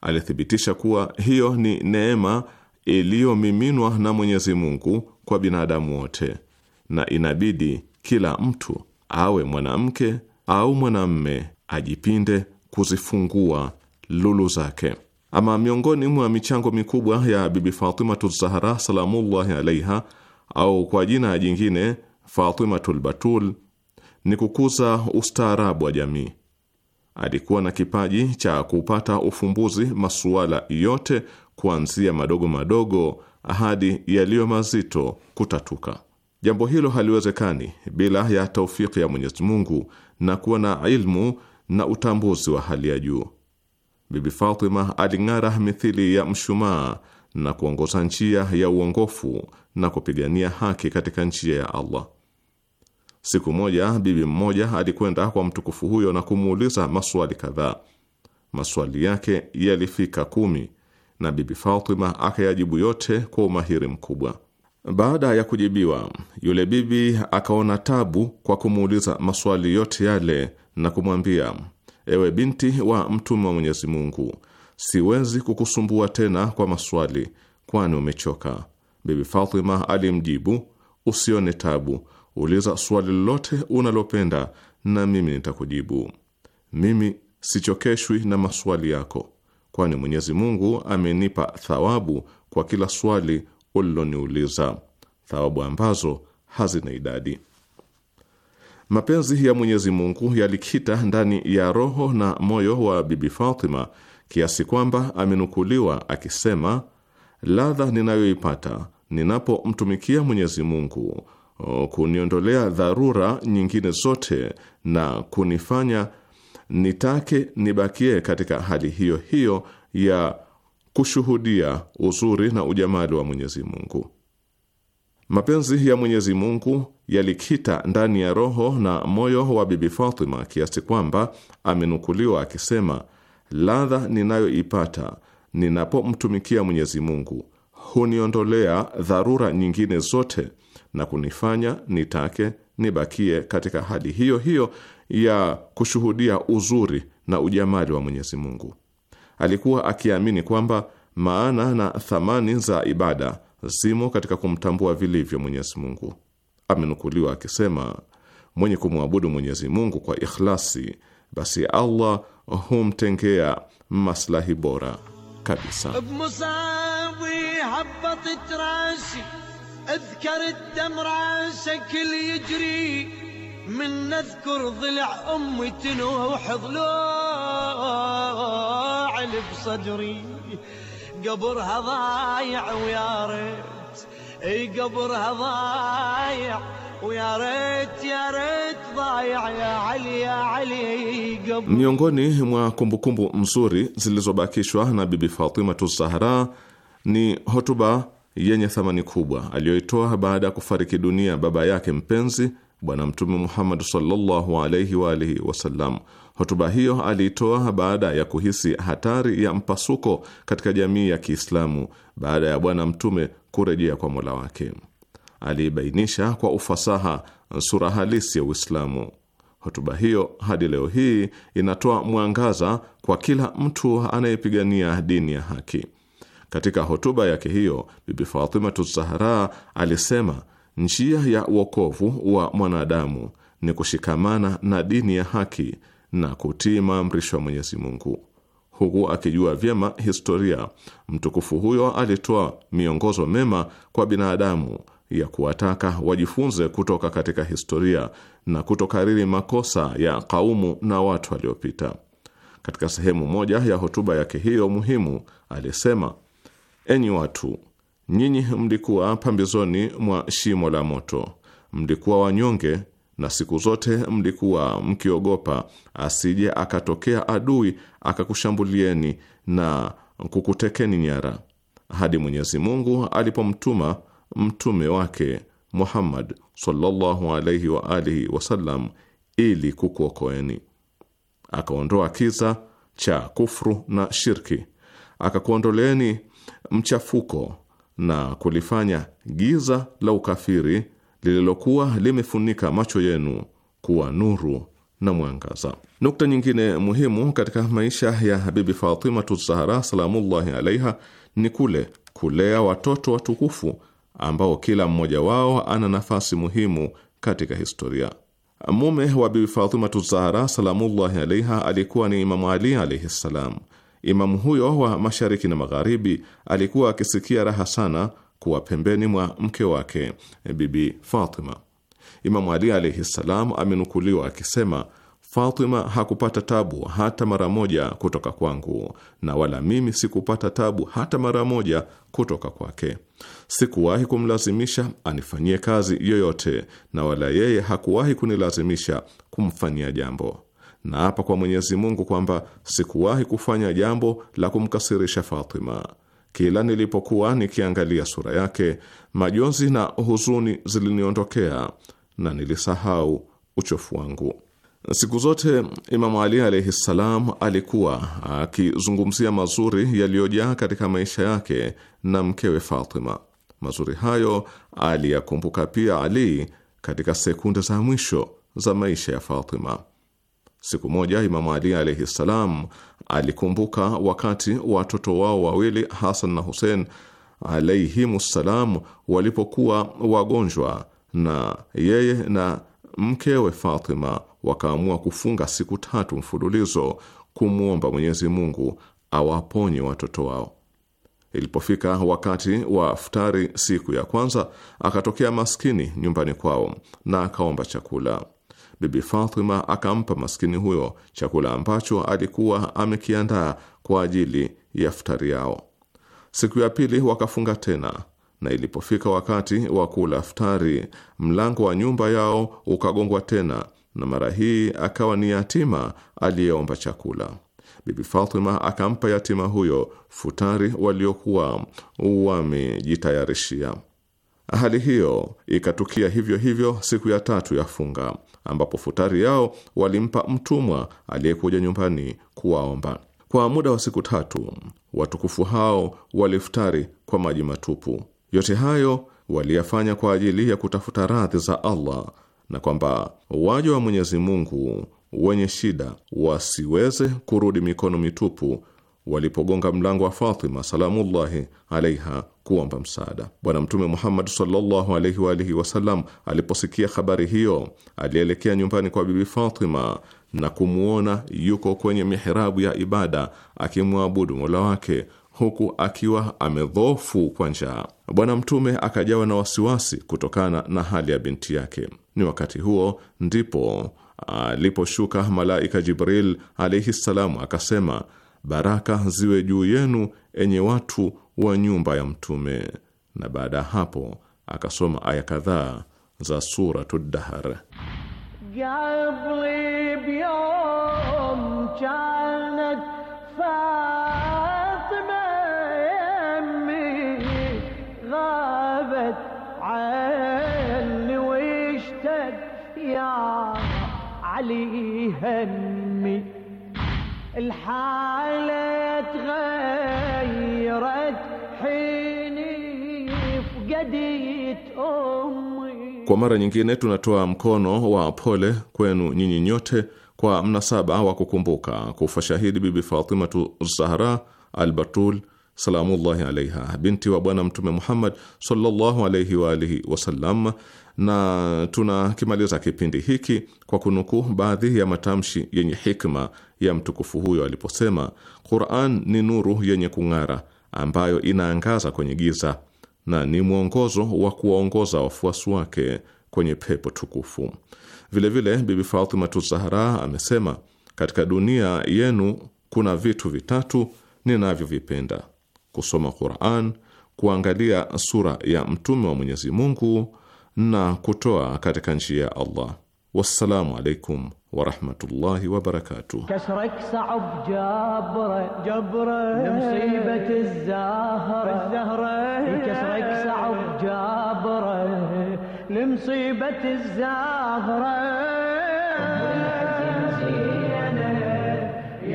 C: Alithibitisha kuwa hiyo ni neema iliyomiminwa na Mwenyezi Mungu kwa binadamu wote, na inabidi kila mtu awe mwanamke au mwanamme ajipinde kuzifungua lulu zake. Ama miongoni mwa michango mikubwa ya Bibi Fatimatu Zahra salamullahi alaiha, au kwa jina jingine Fatimatul Batul ni kukuza ustaarabu wa jamii. Alikuwa na kipaji cha kupata ufumbuzi masuala yote kuanzia madogo madogo hadi yaliyo mazito kutatuka. Jambo hilo haliwezekani bila ya taufiki ya Mwenyezi Mungu na kuwa na ilmu na utambuzi wa hali ya juu. Bibi Fatima aling'ara mithili ya mshumaa na kuongoza njia ya uongofu na kupigania haki katika njia ya Allah. Siku moja bibi mmoja alikwenda kwa mtukufu huyo na kumuuliza maswali kadhaa. Maswali yake yalifika kumi na bibi Fatima akayajibu yote kwa umahiri mkubwa. Baada ya kujibiwa, yule bibi akaona tabu kwa kumuuliza maswali yote yale na kumwambia, ewe binti wa mtume wa Mwenyezi Mungu, siwezi kukusumbua tena kwa maswali, kwani umechoka. Bibi Fatima alimjibu, usione tabu uliza swali lolote unalopenda na mimi nitakujibu. Mimi sichokeshwi na maswali yako, kwani Mwenyezi Mungu amenipa thawabu kwa kila swali uliloniuliza, thawabu ambazo hazina idadi. Mapenzi ya Mwenyezi Mungu yalikita ndani ya roho na moyo wa Bibi Fatima kiasi kwamba amenukuliwa akisema, ladha ninayoipata ninapomtumikia Mwenyezi Mungu kuniondolea dharura nyingine zote na kunifanya nitake nibakie katika hali hiyo hiyo ya kushuhudia uzuri na ujamali wa Mwenyezi Mungu. Mapenzi ya Mwenyezi Mungu yalikita ndani ya roho na moyo wa Bibi Fatima kiasi kwamba amenukuliwa akisema, ladha ninayoipata ninapomtumikia Mwenyezi Mungu huniondolea dharura nyingine zote na kunifanya nitake nibakie katika hali hiyo hiyo ya kushuhudia uzuri na ujamali wa Mwenyezi Mungu. Alikuwa akiamini kwamba maana na thamani za ibada zimo katika kumtambua vilivyo Mwenyezi Mungu. Amenukuliwa akisema, mwenye kumwabudu Mwenyezi Mungu kwa ikhlasi, basi Allah humtengea maslahi bora kabisa.
D: اذكر الدم راسك اللي يجري من نذكر ضلع امي تنوح ضلوع بصدري قبرها ضايع ويا ريت
A: اي قبرها ضايع ويا ريت يا ريت ضايع يا علي
D: يا علي قبر.
C: Miongoni كومبو kumbukumbu زلزو zilizobakishwa شوانا بيبي فاطمه الزهراء ني هوتوبا yenye thamani kubwa aliyoitoa baada ya kufariki dunia baba yake mpenzi Bwana Mtume Muhammad sallallahu alaihi wa alihi wasallam. Hotuba hiyo aliitoa baada ya kuhisi hatari ya mpasuko katika jamii ya Kiislamu baada ya Bwana Mtume kurejea kwa Mola wake. Aliibainisha kwa ufasaha sura halisi ya Uislamu. Hotuba hiyo hadi leo hii inatoa mwangaza kwa kila mtu anayepigania dini ya haki. Katika hotuba yake hiyo, Bibi Fatimatu Zahra alisema njia ya uokovu wa mwanadamu ni kushikamana na dini ya haki na kutii maamrisho ya Mwenyezi Mungu. Huku akijua vyema historia, mtukufu huyo alitoa miongozo mema kwa binadamu ya kuwataka wajifunze kutoka katika historia na kutokariri makosa ya kaumu na watu waliopita. Katika sehemu moja ya hotuba yake hiyo muhimu alisema: Enyi watu, nyinyi mlikuwa pambizoni mwa shimo la moto, mlikuwa wanyonge na siku zote mlikuwa mkiogopa asije akatokea adui akakushambulieni na kukutekeni nyara, hadi Mwenyezi Mungu alipomtuma mtume wake Muhammad sallallahu wa alihi wasallam ili kukuokoeni. Akaondoa kiza cha kufru na shirki, akakuondoleeni mchafuko na kulifanya giza la ukafiri lililokuwa limefunika macho yenu kuwa nuru na mwangaza. Nukta nyingine muhimu katika maisha ya bibi Fatimatu Zahra salamullahi alaiha ni kule kulea watoto watukufu ambao kila mmoja wao ana nafasi muhimu katika historia. Mume wa Bibi Fatimatu Zahra salamullahi alaiha alikuwa ni Imamu Ali alaihi ssalam. Imamu huyo wa mashariki na magharibi alikuwa akisikia raha sana kuwa pembeni mwa mke wake Bibi Fatima. Imamu Ali alaihi ssalam amenukuliwa akisema, Fatima hakupata tabu hata mara moja kutoka kwangu, na wala mimi sikupata tabu hata mara moja kutoka kwake. Sikuwahi kumlazimisha anifanyie kazi yoyote, na wala yeye hakuwahi kunilazimisha kumfanyia jambo. Naapa kwa Mwenyezi Mungu kwamba sikuwahi kufanya jambo la kumkasirisha Fatima. Kila nilipokuwa nikiangalia sura yake, majonzi na huzuni ziliniondokea na nilisahau uchofu wangu. Siku zote Imamu Ali alaihi ssalam alikuwa akizungumzia mazuri yaliyojaa katika maisha yake na mkewe Fatima. Mazuri hayo aliyakumbuka pia Ali katika sekunde za mwisho za maisha ya Fatima. Siku moja Imamu Ali alaihi ssalam alikumbuka wakati watoto wao wawili Hasan na Husein alaihimu ssalam walipokuwa wagonjwa, na yeye na mkewe Fatima wakaamua kufunga siku tatu mfululizo kumwomba Mwenyezi Mungu awaponye watoto wao. Ilipofika wakati wa futari siku ya kwanza, akatokea maskini nyumbani kwao na akaomba chakula. Bibi Fatima akampa maskini huyo chakula ambacho alikuwa amekiandaa kwa ajili ya futari yao. Siku ya pili wakafunga tena, na ilipofika wakati wa kula futari, mlango wa nyumba yao ukagongwa tena, na mara hii akawa ni yatima aliyeomba chakula. Bibi Fatima akampa yatima huyo futari waliokuwa wamejitayarishia. Hali hiyo ikatukia hivyo hivyo siku ya tatu ya funga ambapo futari yao walimpa mtumwa aliyekuja nyumbani kuwaomba. Kwa muda wa siku tatu watukufu hao walifutari kwa maji matupu. Yote hayo waliyafanya kwa ajili ya kutafuta radhi za Allah na kwamba waja wa Mwenyezi Mungu wenye shida wasiweze kurudi mikono mitupu walipogonga mlango wa Fatima salamullahi alaiha kuomba msaada. Bwana Mtume Muhammad sallallahu alaihi wa alihi wasallam aliposikia habari hiyo, alielekea nyumbani kwa Bibi Fatima na kumwona yuko kwenye mihrabu ya ibada akimwabudu mola wake huku akiwa amedhofu kwa njaa. Bwana Mtume akajawa na wasiwasi kutokana na hali ya binti yake. Ni wakati huo ndipo aliposhuka malaika Jibril alaihi ssalamu akasema baraka ziwe juu yenu, enye watu wa nyumba ya Mtume. Na baada ya hapo akasoma aya kadhaa za Suratu Dahar.
D: الحالة تغيرت حيني فقدت أمي
C: Kwa mara nyingine tunatoa mkono wa pole kwenu nyinyi nyote kwa mnasaba wa kukumbuka kufa shahidi Bibi Fatimatu Zahra al-Batul salamullahi alaiha, binti wa Bwana Mtume Muhammad sallallahu alaihi wa alihi wasallam. Na tunakimaliza kipindi hiki kwa kunukuu baadhi ya matamshi yenye hikma ya mtukufu huyo aliposema, Quran ni nuru yenye kung'ara ambayo inaangaza kwenye giza na ni mwongozo wa kuwaongoza wafuasi wake kwenye pepo tukufu. Vilevile vile, Bibi Fatimatu Zahra amesema, katika dunia yenu kuna vitu vitatu ninavyovipenda kusoma Qur'an, kuangalia sura ya mtume wa Mwenyezi Mungu na kutoa katika njia ya Allah. Wassalamu alaikum wa rahmatullahi wa barakatuh.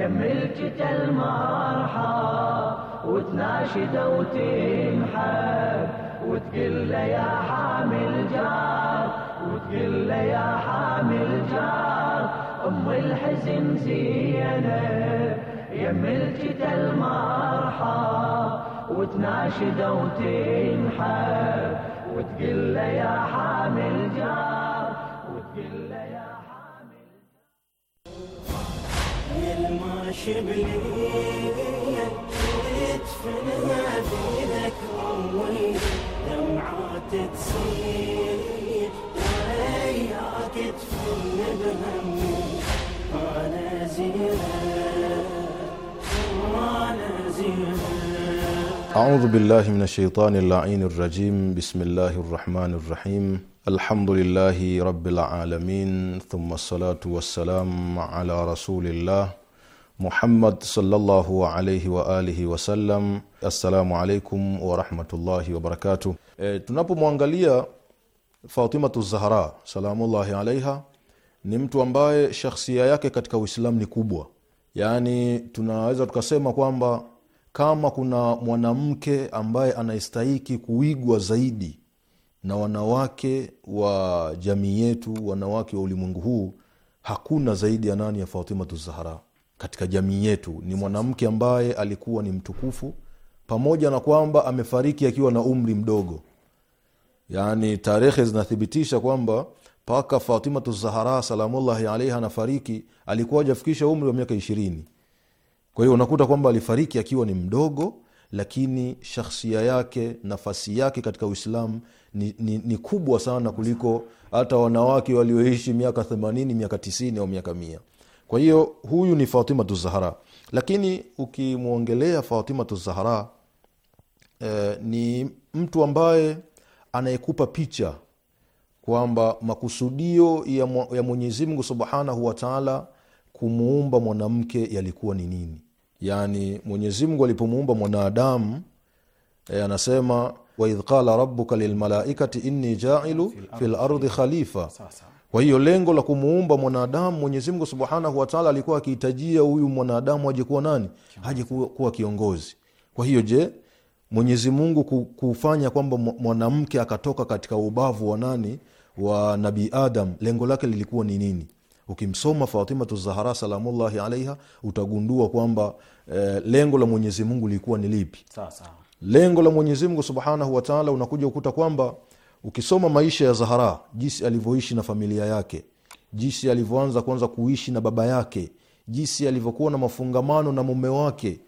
D: يا ملكة المرحب وتناشده وتنحب وتقل يا حامل جار وتقل يا حامل جار أم الحزن زينة يم ملكه المرحى وتناشده وتنحب وتقل يا حامل جار وتقل يا حامل جار يا الماشي بليل دمعات تفن بهمي
E: أعوذ بالله من الشيطان اللعين الرجيم بسم الله الرحمن الرحيم الحمد لله رب العالمين ثم الصلاة والسلام على رسول الله Muhammad sallallahu alayhi wa alihi wasallam. Assalamu alaikum warahmatullahi wabarakatuh. E, tunapomwangalia Fatimatu Zahra salamullahi alaiha ni mtu ambaye shakhsia yake katika Uislamu ni kubwa, yaani tunaweza tukasema kwamba kama kuna mwanamke ambaye anayestahiki kuigwa zaidi na wanawake wa jamii yetu, wanawake wa ulimwengu huu, hakuna zaidi ya nani? Ya Fatimatu Zahra katika jamii yetu. Ni mwanamke ambaye alikuwa ni mtukufu, pamoja na kwamba amefariki akiwa na umri mdogo. yani tarehe zinathibitisha kwamba mpaka Fatimatu Zahara salamullahi alaiha anafariki alikuwa ajafikisha umri wa miaka ishirini. Kwa hiyo unakuta kwamba alifariki akiwa ni mdogo, lakini shakhsia yake, nafasi yake katika Uislamu ni, ni, ni kubwa sana kuliko hata wanawake walioishi miaka themanini, miaka tisini au miaka mia kwa hiyo huyu ni fatimatu zahara lakini ukimwongelea fatimatu zahara eh, ni mtu ambaye anayekupa picha kwamba makusudio ya, ya mwenyezimngu subhanahu wataala kumuumba mwanamke yalikuwa ni nini yani mwenyezimngu alipomuumba mwanadamu e, anasema waidh qala rabuka lilmalaikati inni jailu fi lardi khalifa kwa hiyo lengo la kumuumba mwanadamu mwenyezi subhanahu wataala alikuwa akihitajia huyu mwanadamu ajekuwa nani aje kuwa kiongozi kwa hiyo je mwenyezi mungu kufanya kwamba mwanamke akatoka katika ubavu wa nani wa nabii adam lengo lake lilikuwa ni nini ukimsoma fatimatu zahara salamullahi alaiha utagundua kwamba eh, lengo la mwenyezi mungu lilikuwa ni lipi lengo la mwenyezi mungu subhanahu wataala unakuja ukuta kwamba ukisoma maisha ya zahara jinsi alivyoishi na familia yake jinsi alivyoanza kwanza kuishi na baba yake jinsi alivyokuwa na mafungamano na mume wake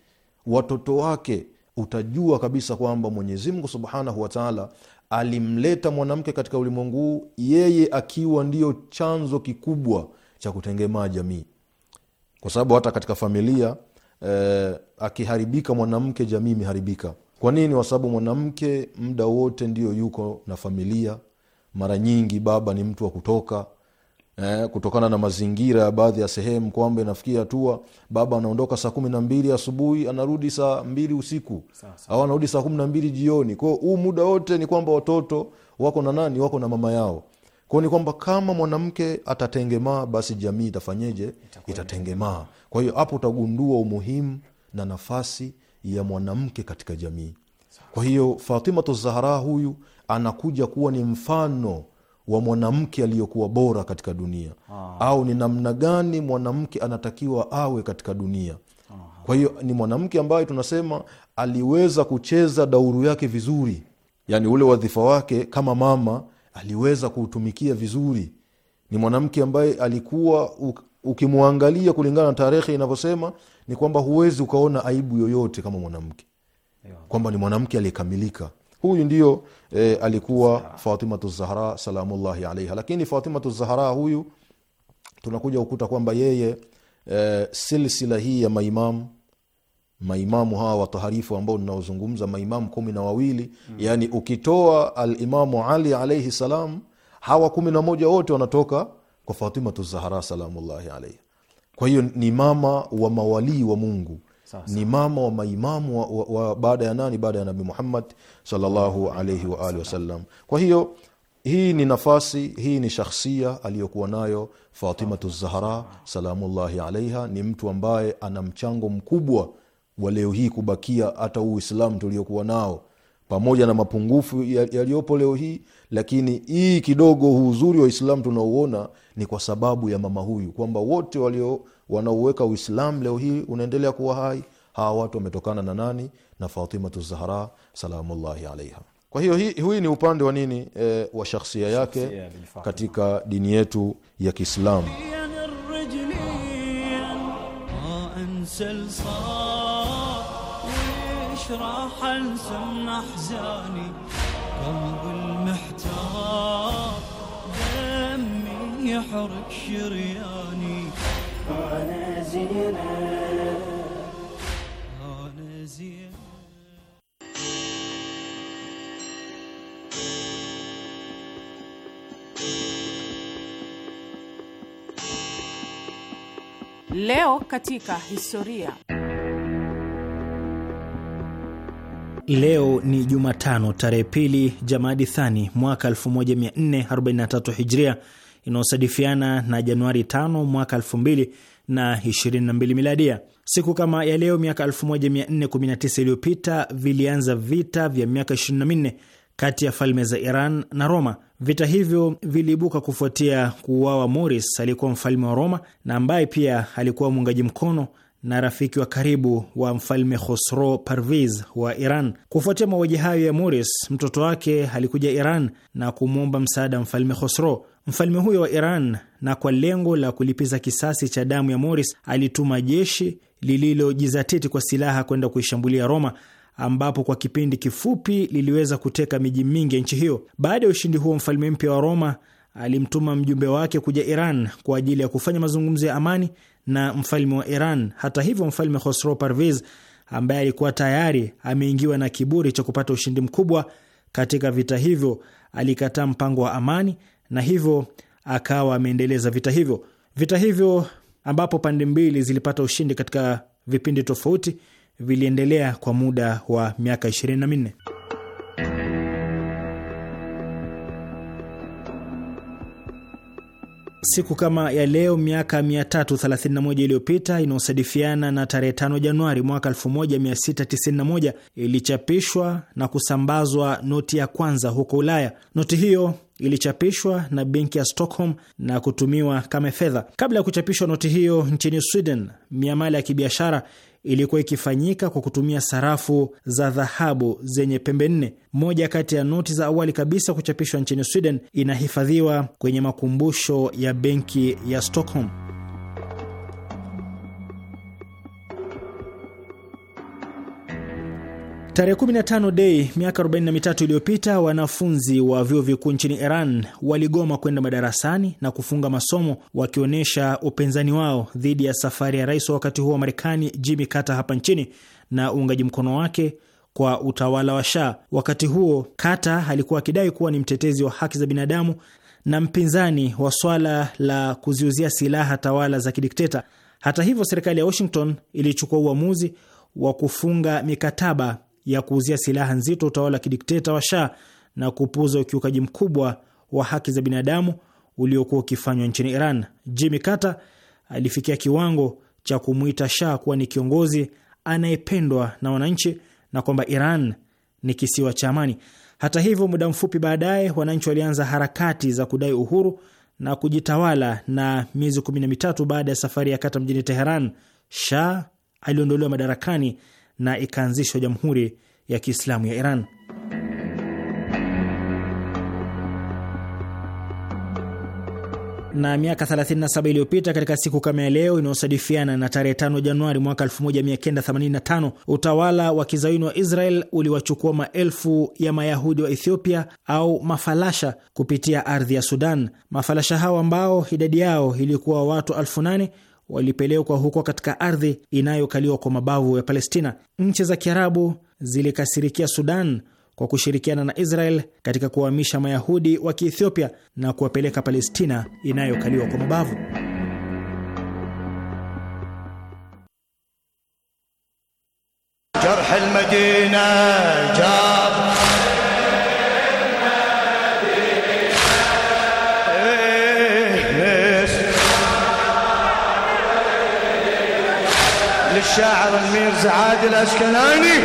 E: watoto wake utajua kabisa kwamba mwenyezimngu subhanahu wataala alimleta mwanamke katika ulimwengu huu yeye akiwa ndiyo chanzo kikubwa cha kutengemaa jamii kwa sababu hata katika familia eh, akiharibika mwanamke jamii imeharibika kwa nini kwa sababu mwanamke muda wote ndio yuko na familia mara nyingi baba ni mtu wa kutoka eh, kutokana na mazingira ya baadhi ya sehemu kwamba inafikia hatua baba anaondoka saa kumi na mbili asubuhi anarudi saa mbili usiku au anarudi saa kumi na mbili jioni kwao huu muda wote ni kwamba watoto wako na nani wako na mama yao kwao ni kwamba kama mwanamke atatengemaa basi jamii itafanyeje itatengemaa kwa hiyo hapo utagundua umuhimu na nafasi ya mwanamke katika jamii. Kwa hiyo Fatimatu Zahra huyu anakuja kuwa ni mfano wa mwanamke aliyokuwa bora katika dunia Aha. au ni namna gani mwanamke anatakiwa awe katika dunia Aha. Kwa hiyo ni mwanamke ambaye tunasema aliweza kucheza dauru yake vizuri, yani ule wadhifa wake kama mama aliweza kuutumikia vizuri. Ni mwanamke ambaye alikuwa ukimwangalia kulingana na tarehe inavyosema ni kwamba huwezi ukaona aibu yoyote kama mwanamke kwamba ni mwanamke aliyekamilika huyu ndio e, alikuwa fatimatu zahra salamullahi alaiha lakini fatimatu zahra huyu tunakuja kukuta kwamba yeye e, silsila hii ya maimamu maimamu hawa wataharifu ambao ninaozungumza maimamu kumi na wawili hmm. yani ukitoa alimamu ali alaihi salam hawa kumi na moja wote wanatoka kwa Fatimatu Zahara salamullahi alaiha. Kwa hiyo ni mama wa mawalii wa Mungu Sasa. ni mama wa maimamu wa, wa, wa baada ya nani? Baada ya Nabi Muhammad sallallahu alaihi wa alihi wasallam. Kwa hiyo hii ni nafasi, hii ni shakhsia aliyokuwa nayo Fatimatu Zahara salamullahi alaiha. Ni mtu ambaye ana mchango mkubwa wa leo hii kubakia hata huu Uislamu tuliokuwa nao pamoja na mapungufu yaliyopo leo hii lakini hii kidogo huu uzuri wa islam tunauona ni kwa sababu ya mama huyu, kwamba wote walio wanaoweka uislam leo hii unaendelea kuwa hai, hawa watu wametokana na nani? Na Fatimatu Zahra salamullahi alaiha. Kwa hiyo hii, hii ni upande wa nini e, wa shakhsia yake katika dini yetu ya Kiislamu.
D: محتار دمي يحرق شرياني أنا زينب أنا زينب
B: Leo katika historia.
A: Leo ni Jumatano tarehe pili Jamadi Thani mwaka 1443 Hijria, inayosadifiana na Januari 5 mwaka 2022 Miladia. Siku kama ya leo miaka 1419 iliyopita vilianza vita vya miaka 24 kati ya falme za Iran na Roma. Vita hivyo viliibuka kufuatia kuuawa Moris aliyekuwa mfalme wa Roma na ambaye pia alikuwa muungaji mkono na rafiki wa karibu wa mfalme Khosro Parviz wa Iran. Kufuatia mauaji hayo ya Muris, mtoto wake alikuja Iran na kumwomba msaada mfalme Khosro. Mfalme huyo wa Iran, na kwa lengo la kulipiza kisasi cha damu ya Muris, alituma jeshi lililojizatiti kwa silaha kwenda kuishambulia Roma ambapo kwa kipindi kifupi liliweza kuteka miji mingi ya nchi hiyo. Baada ya ushindi huo, mfalme mpya wa Roma alimtuma mjumbe wake kuja Iran kwa ajili ya kufanya mazungumzo ya amani na mfalme wa Iran. Hata hivyo, mfalme hosro Parviz ambaye alikuwa tayari ameingiwa na kiburi cha kupata ushindi mkubwa katika vita hivyo, alikataa mpango wa amani na hivyo akawa ameendeleza vita hivyo. Vita hivyo ambapo pande mbili zilipata ushindi katika vipindi tofauti viliendelea kwa muda wa miaka na minne siku kama ya leo miaka 331 iliyopita inayosadifiana na tarehe 5 Januari mwaka 1691 ilichapishwa na kusambazwa noti ya kwanza huko Ulaya. Noti hiyo ilichapishwa na benki ya Stockholm na kutumiwa kama fedha. Kabla ya kuchapishwa noti hiyo nchini Sweden, miamala ya kibiashara ilikuwa ikifanyika kwa kutumia sarafu za dhahabu zenye pembe nne. Moja kati ya noti za awali kabisa kuchapishwa nchini Sweden inahifadhiwa kwenye makumbusho ya benki ya Stockholm. Tarehe 15 Dei miaka 43 iliyopita wanafunzi wa vyuo vikuu nchini Iran waligoma kwenda madarasani na kufunga masomo wakionyesha upinzani wao dhidi ya safari ya rais wa wakati huo wa Marekani Jimmy Carter hapa nchini na uungaji mkono wake kwa utawala wa Shah. Wakati huo Carter alikuwa akidai kuwa ni mtetezi wa haki za binadamu na mpinzani wa swala la kuziuzia silaha tawala za kidikteta. Hata hivyo, serikali ya Washington ilichukua uamuzi wa kufunga mikataba ya kuuzia silaha nzito utawala wa kidikteta wa Shah na kupuuza ukiukaji mkubwa wa haki za binadamu uliokuwa ukifanywa nchini Iran. Jimmy Carter alifikia kiwango cha kumwita Shah kuwa ni kiongozi anayependwa na wananchi na kwamba Iran ni kisiwa cha amani. Hata hivyo, muda mfupi baadaye wananchi walianza harakati za kudai uhuru na kujitawala, na miezi kumi na mitatu baada ya safari ya Kata mjini Teheran, Shah aliondolewa madarakani na ikaanzishwa Jamhuri ya Kiislamu ya Iran. na miaka 37 iliyopita katika siku kama ya leo inayosadifiana na tarehe 5 Januari mwaka 1985 utawala wa kizawini wa Israel uliwachukua maelfu ya Mayahudi wa Ethiopia au mafalasha kupitia ardhi ya Sudan. Mafalasha hao ambao idadi yao ilikuwa watu elfu nane walipelekwa huko katika ardhi inayokaliwa kwa mabavu ya Palestina. Nchi za Kiarabu zilikasirikia Sudan kwa kushirikiana na Israel katika kuwaamisha Mayahudi wa Kiethiopia na kuwapeleka Palestina inayokaliwa kwa mabavu.
D: Jarh al-Madina, الشاعر الميرز عادل الاشكناني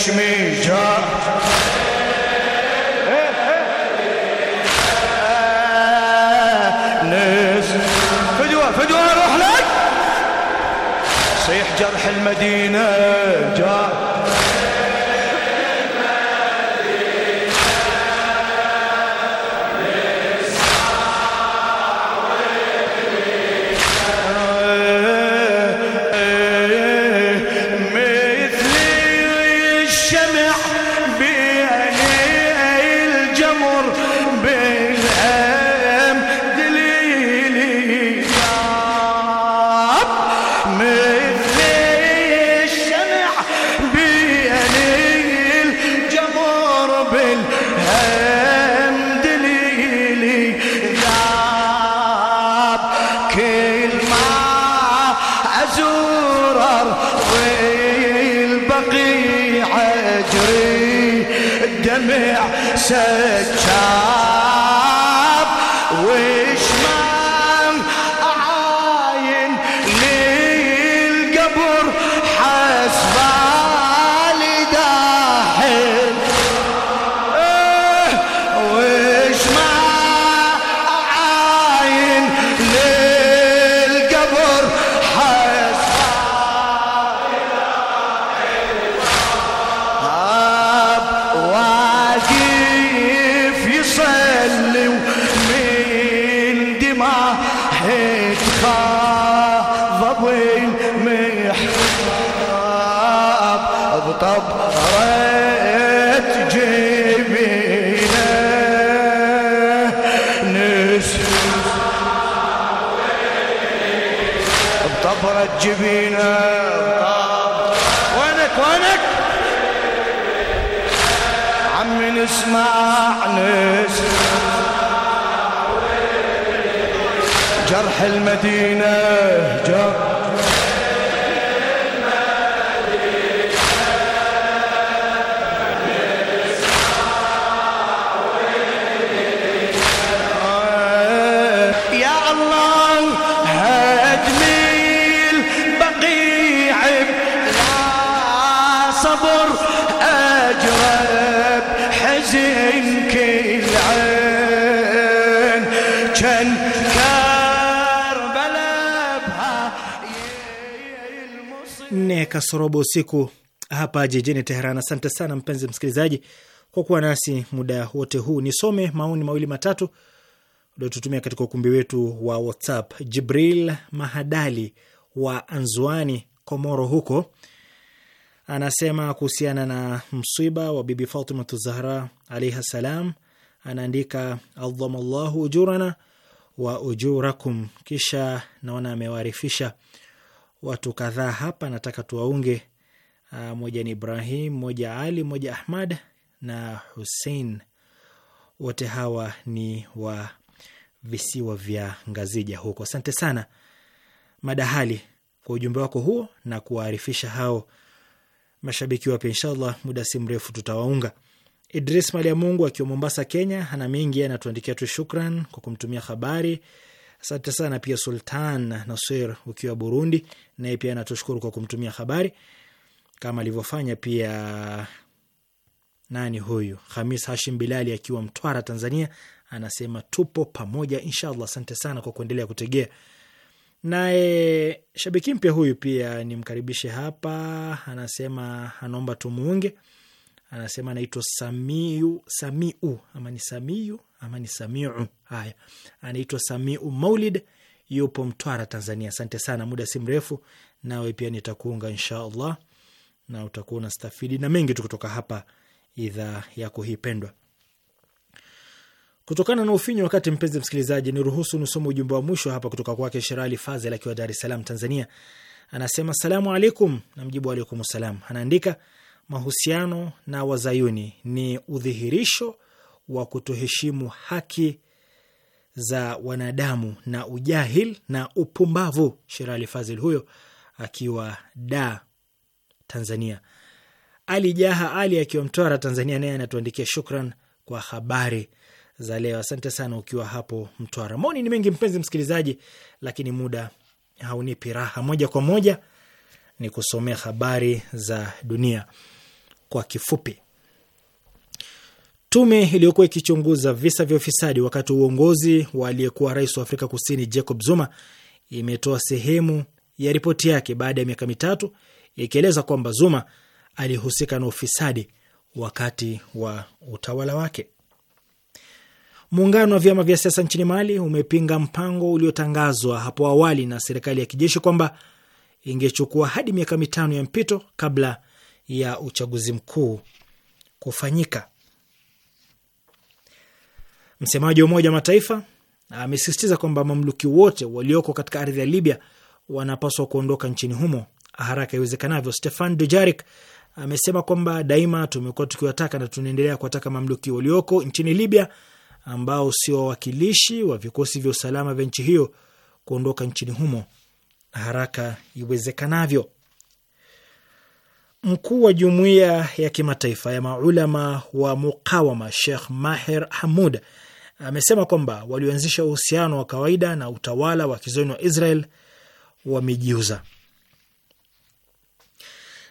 D: تشميجها فدوة فدوة روح لك صيح جرح المدينة جاء
A: kasorobo usiku hapa jijini Teheran. Asante sana mpenzi msikilizaji kwa kuwa nasi muda wote huu. Nisome maoni mawili matatu uliotutumia katika ukumbi wetu wa WhatsApp. Jibril Mahadali wa Anzuani, Komoro huko anasema kuhusiana na mswiba wa Bibi Fatimatu Zahra alaiha salam, anaandika adhamallahu ujurana wa ujurakum. Kisha naona amewarifisha watu kadhaa hapa, nataka tuwaunge. Ah, moja ni Ibrahim, moja Ali, moja Ahmad na Hussein. Wote hawa ni wa visiwa vya Ngazija huko. Asante sana Madahali kwa ujumbe wako huo na kuwaarifisha hao mashabiki wapya. Inshallah muda si mrefu tutawaunga. Idris Mali ya Mungu akiwa Mombasa, Kenya, ana mengi anatuandikia tu. Shukran kwa kumtumia habari. Asante sana pia Sultan Nasir ukiwa Burundi, naye pia anatushukuru kwa kumtumia habari kama alivyofanya pia nani huyu Hamis Hashim Bilali akiwa Mtwara, Tanzania, anasema tupo pamoja inshallah. Asante sana kwa kuendelea kutegea. Naye shabiki mpya huyu pia nimkaribishe hapa, anasema anaomba tumuunge, anasema anaitwa Samiu Samiu ama ni Samiu ama ni Samiu. Haya, anaitwa Samiu Maulid, yupo Mtwara, Tanzania. Asante sana, muda si mrefu nawe pia nitakuunga insha Allah na utakuwa unastafidi na mengi tu kutoka hapa idhaa yako hii pendwa. Kutokana na ufinyu wakati, mpenzi msikilizaji, ni ruhusu nisome ujumbe wa mwisho hapa kutoka kwake Sherali Fazel akiwa Dar es Salaam, Tanzania. Anasema salamu alaikum, na mjibu alaikum salam. Anaandika mahusiano na wazayuni ni udhihirisho wa kutoheshimu haki za wanadamu na ujahil na upumbavu. Sherali Fazil huyo akiwa da Tanzania. Ali Jaha Ali akiwa Mtwara Tanzania, naye anatuandikia shukran kwa habari za leo. Asante sana ukiwa hapo Mtwara. Maoni ni mengi mpenzi msikilizaji, lakini muda haunipi raha. Moja kwa moja ni kusomea habari za dunia kwa kifupi. Tume iliyokuwa ikichunguza visa vya ufisadi wakati wa uongozi wa aliyekuwa rais wa Afrika Kusini Jacob Zuma imetoa sehemu ya ripoti yake baada ya miaka mitatu ikieleza kwamba Zuma alihusika na ufisadi wakati wa utawala wake. Muungano wa vyama vya siasa nchini Mali umepinga mpango uliotangazwa hapo awali na serikali ya kijeshi kwamba ingechukua hadi miaka mitano ya mpito kabla ya uchaguzi mkuu kufanyika. Msemaji wa Umoja wa Mataifa amesisitiza kwamba mamluki wote walioko katika ardhi ya Libya wanapaswa kuondoka nchini humo haraka iwezekanavyo. Stefan Dujarik amesema kwamba daima tumekuwa tukiwataka na tunaendelea kuwataka mamluki walioko nchini Libya ambao sio wawakilishi wa vikosi vya usalama vya nchi hiyo kuondoka nchini humo haraka iwezekanavyo. Mkuu wa jumuiya ya kimataifa ya maulama wa mukawama Shekh Maher Hamud amesema kwamba walioanzisha uhusiano wa kawaida na utawala wa kizoni wa Israel wamejiuza.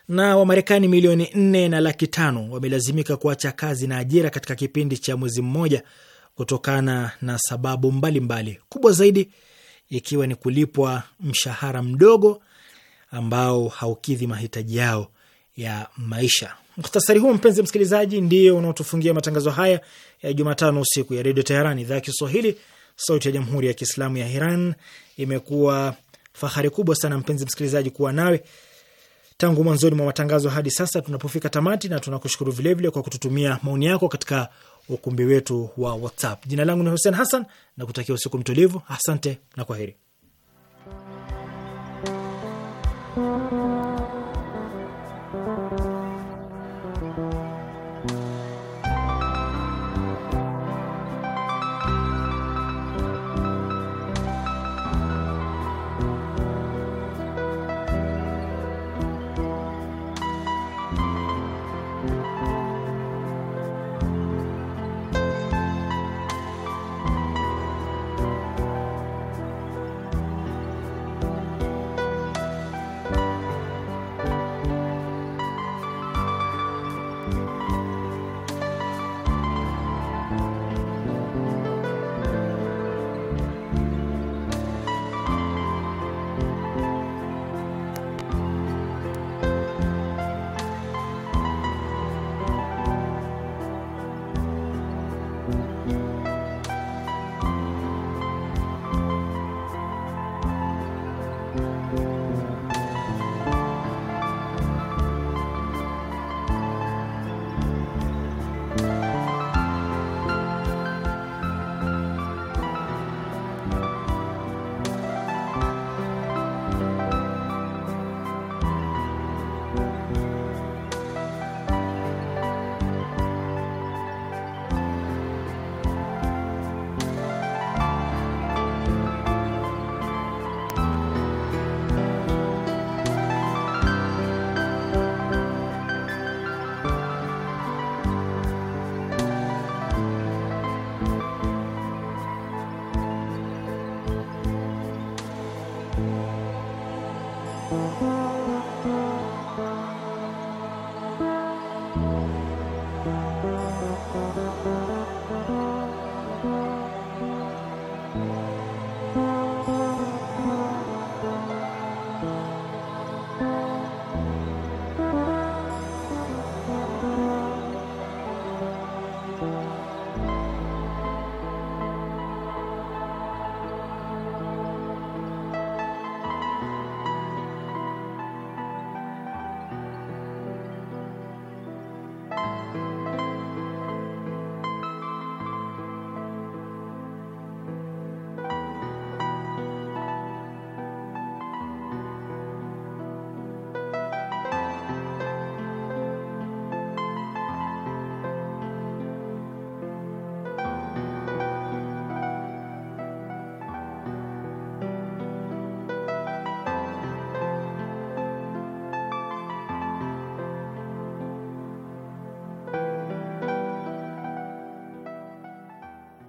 A: Na Wamarekani milioni nne na laki tano wamelazimika kuacha kazi na ajira katika kipindi cha mwezi mmoja kutokana na sababu mbalimbali mbali. Kubwa zaidi ikiwa ni kulipwa mshahara mdogo ambao haukidhi mahitaji yao ya maisha. Mukhtasari huo mpenzi msikilizaji, ndio unaotufungia matangazo haya ya Jumatano usiku ya Redio Teheran, idhaa ya Kiswahili, sauti ya Jamhuri ya Kiislamu ya Iran. Imekuwa fahari kubwa sana mpenzi msikilizaji kuwa nawe tangu mwanzoni mwa matangazo hadi sasa tunapofika tamati, na tunakushukuru vilevile kwa kututumia maoni yako katika ukumbi wetu wa WhatsApp. Jina langu ni Hussein Hassan na kutakia usiku mtulivu. Asante na kwaheri.